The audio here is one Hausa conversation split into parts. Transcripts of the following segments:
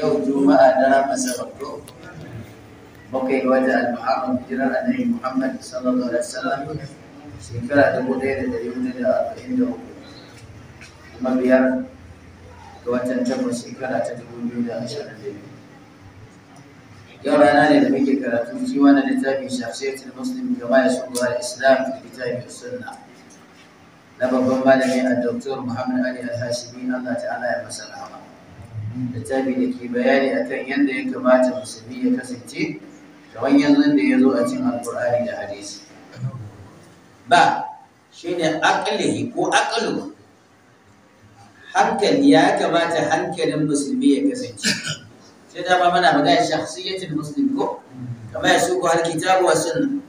yau juma'a daren asabar to muka yi wata al muhammad hijirar annabi muhammad sallallahu alaihi wasallam shekara dubu ɗaya da ɗari hudu da arba'in da uku kuma biyar ga watan takwas shekara ta dubu biyu da ashirin da biyu yau rana ne da muke karatu shi wannan littafin shakhsiyatul muslim kama ya shugaba islam da kitabin sunna na babban malami a doktor muhammad ali al-hashimi allah ta'ala ya masana littafi da ke bayani akan yadda ya kamata musulmi ya kasance kamar yanzu da ya zo a cikin alkur'ani da hadisi ba shine aqlihi ko aqlu hankali ya kamata hankalin musulmi ya kasance sai dama mana magana shakhsiyatul muslim ko kamar su ko har kitabu wa sunna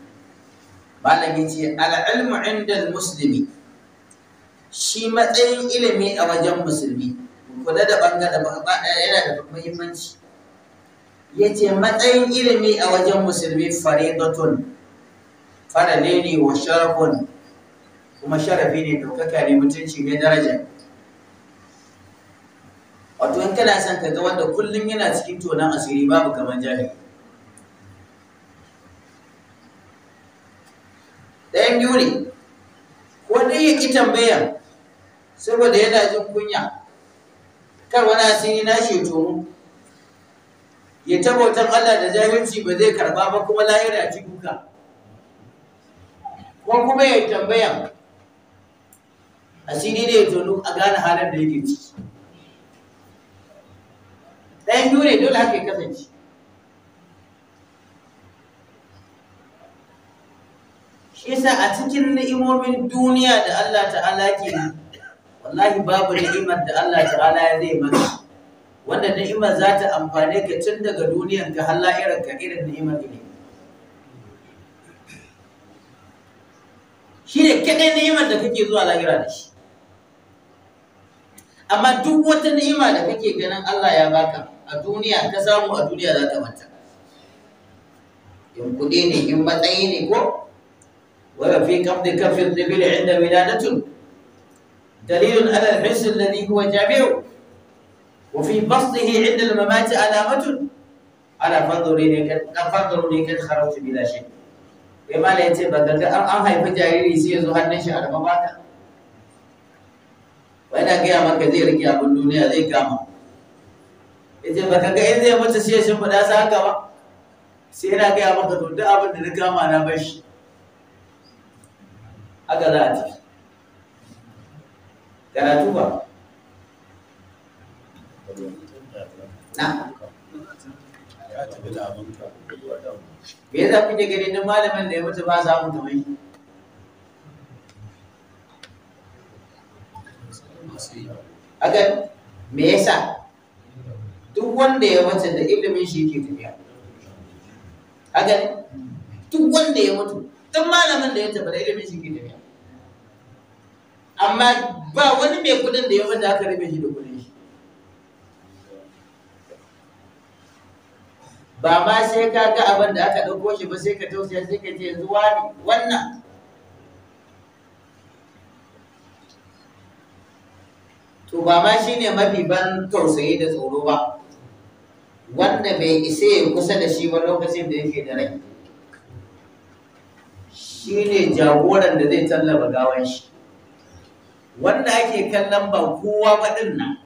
malami ce al ilmu inda muslimi shi matsayin ilimi a wajen musulmi kula da ɓangaren gaba ɗaya eh, yana da muhimmanci ya ce matsayin ilimi a wajen musulmi faridatun farale ne wa sharafun kuma sharafi ne ɗaukaka ne mutunci ne daraja wato in kana son ka ga wanda kullum yana cikin tonon asiri babu kamar jahil. ɗayan biyu ne ko dai ya ki tambaya saboda yana jin kunya kar wani asiri na shi to ya tabbatar Allah da jahilci ba zai karba ba kuma lahira ci duka ko kuma ya tambaya asiri ne ya tonu a gane halin da yake ciki ɗayan biyu ne dole haka ya kasance shi yasa a cikin ni'imomin duniya da Allah ta'ala ke wallahi babu ni'imar da Allah ta'ala zai maka wanda ni'imar za ta amfane ka tun daga duniyar ka har la'irar ka irin ni'imar ne shi ne kaɗai ni'imar da kake zuwa la'ira da shi amma duk wata ni'ima da kake ganin Allah ya baka a duniya ka samu a duniya za ta manta in kuɗi ne in matsayi ne ko wa fi kamdi kafin da bil inda wiladatun دليل على الحس الذي هو جامع وفي بسطه عند الممات علامة أنا فانظروني فانظروني قد خرجت بلا شيء وما لا يتبقى قد أن هاي فجاري سيزو هنشي على مماتا وأنا قيامة كثير قيام الدنيا ذي قامة yace baka ga in zai mutu sai shin fada sa haka ba sai yana gaya maka to duk abin da na gama na bashi haka za a tafi karatu ba na me yasa kuke gani na malamin da ya mutu ba za mu mai akan me yasa duk wanda ya mutu da ilimin shi ke tafiya akan duk wanda ya mutu duk malamin da ya tafi da ilimin shi ke tafiya amma ba wani mai kudin da ya wanda aka rabe shi da kudin shi ba ma sai ka ga abin da aka ɗauko shi ba sai ka tausaya sai ka ce yanzu wani wannan to ba ma shi ne mafi ban tausayi da tsoro ba wanda bai isa ya kusa da shi ba lokacin da yake da rai shi ne jagoran da zai tallaba gawan shi wanda ake kallon ba kowa din nan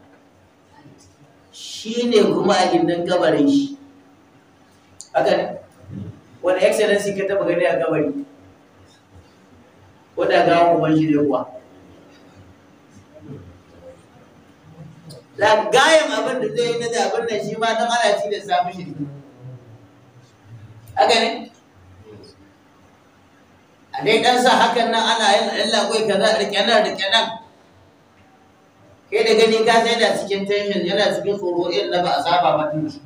shi ne kuma a gindin gabarin shi haka ne wani excellency ka taba gani a Wata wadda gawa kuma shi ne kuwa da abin da zai yi na zaɓen nan shi ma don ana ci da samu shi haka ne a dai ɗansa hakan nan ana yin Allah kai kaza da kenan da kenan kai da gani ka sai da cikin tension yana cikin tsoro irin da ba a saba ba shi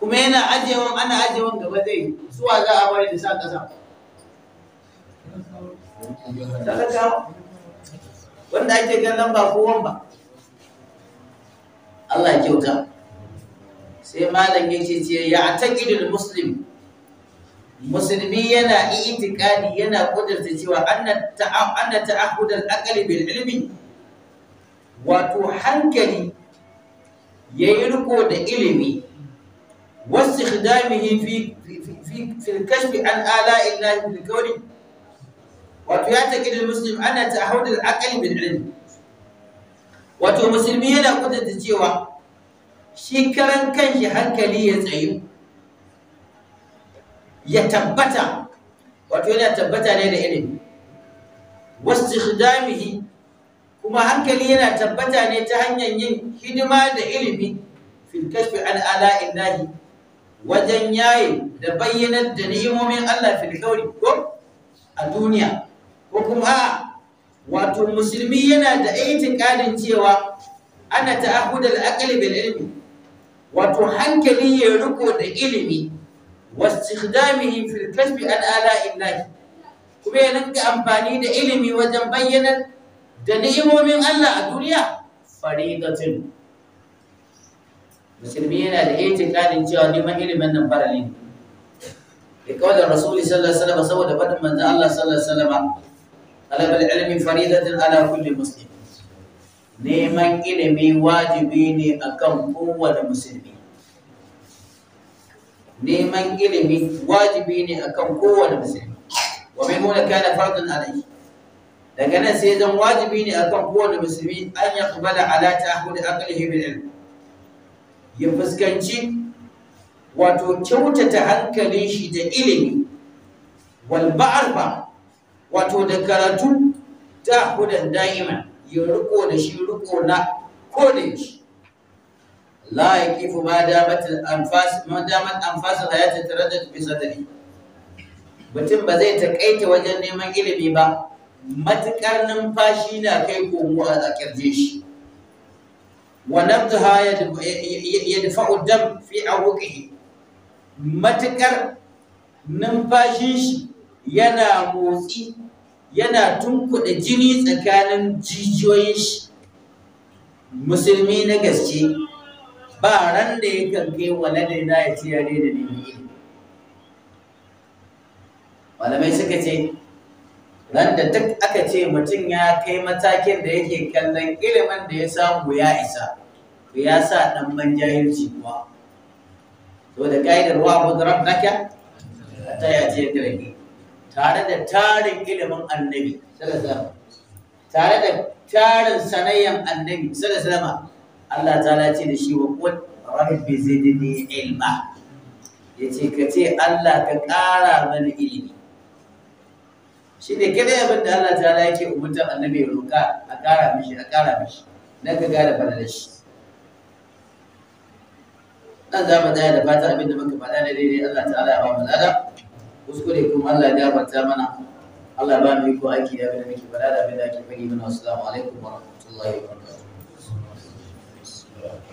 kuma yana ajewan ana ajewan gaba zai suwa za a bari da sa kasa wanda ake ganin ba kowan ba Allah kyauta sai malam yake ce ya taƙidul muslim musulmi yana itikadi yana kudurta cewa anna ta'ahud al-aqli bil ilmi wato hankali yayi riko da ilimi wastikhdamihi fi fi fi al-kashfi an ala'i Allah bil qawli wato ya taqid al-muslim anna ta'ahud al-aqli bil ilmi wato musulmi yana kudurta cewa shi karan kanshi hankali ya tsayu ya tabbata wato yana tabbata ne da ilimi wastikhdamihi kuma hankali yana tabbata ne ta hanyar yin hidima da ilimi fil al'ada an ala'illahi wajen yaye da bayyanar da ni'imomin Allah fil kauri ko a duniya ko kuma wato musulmi yana da ƙarin cewa ana ta'ahudal aqli bil ilmi wato hankali ya riko da ilimi واستخدامهم في الكسب عن آلاء الله kuma ya rinka amfani da ilimi wajen bayyanar da ni'imomin Allah a duniya faridatun musulmi yana da itikadin cewa neman ilimin nan farali ne da kawai da rasuli sallallahu alaihi wasallam saboda faɗin manzon Allah sallallahu alaihi wasallam talabal ilmi faridatun ala kulli muslim neman ilimi wajibi ne akan kowane musulmi neman ilimi wajibi ne akan kowane musulmi wa mai huna kana fardun alayhi daga nan sai zan wajibi ne akan kowane musulmi an ya kubala ala ta'hud aqlihi bil ilm ya fuskanci wato kyautata hankalin shi da ilimi wal ba'arfa wato da karatu ta hudan da'ima ya riko da shi riko na ko shi la yaqifu ma damat anfas ma damat anfas hayat taraddad fi sadri mutum ba zai takaita wajen neman ilimi ba matukar numfashi na kai komo a kirje shi wa nabdaha yadfa'u dam fi awqihi Matuƙar numfashin shi yana motsi yana tunkuɗa jini tsakanin jijiyoyin shi musulmi na gaske ba ran da kan kai walade na ya ce ya daina neman ilimi malamai suka ce ran da duk aka ce mutum ya kai matakin da yake kallon ilimin da ya samu ya isa ku ya sa ɗan ban jahilci kuwa to da ƙa'idar wa abu naka rabbaka ta ya ce tare da tarin ilimin annabi sallallahu tare da tarin sanayyan annabi sallallahu Allah ta ce da shi wa qul rabbi zidni ilma yace ka ce Allah ka ƙara mana ilimi shi ne kada abin da Allah ta yake umurtar annabi ya roka a ƙara mishi a ƙara mishi dan ka gane falalar shi dan za mu da fata abin da muka faɗa da daidai Allah ta ala ya ba mu lada kuskure kuma Allah ya gafarta mana Allah ya ba mu iko aiki da abin da muke faɗa da abin da ake fage mana assalamu alaikum wa rahmatullahi wa barakatuh that.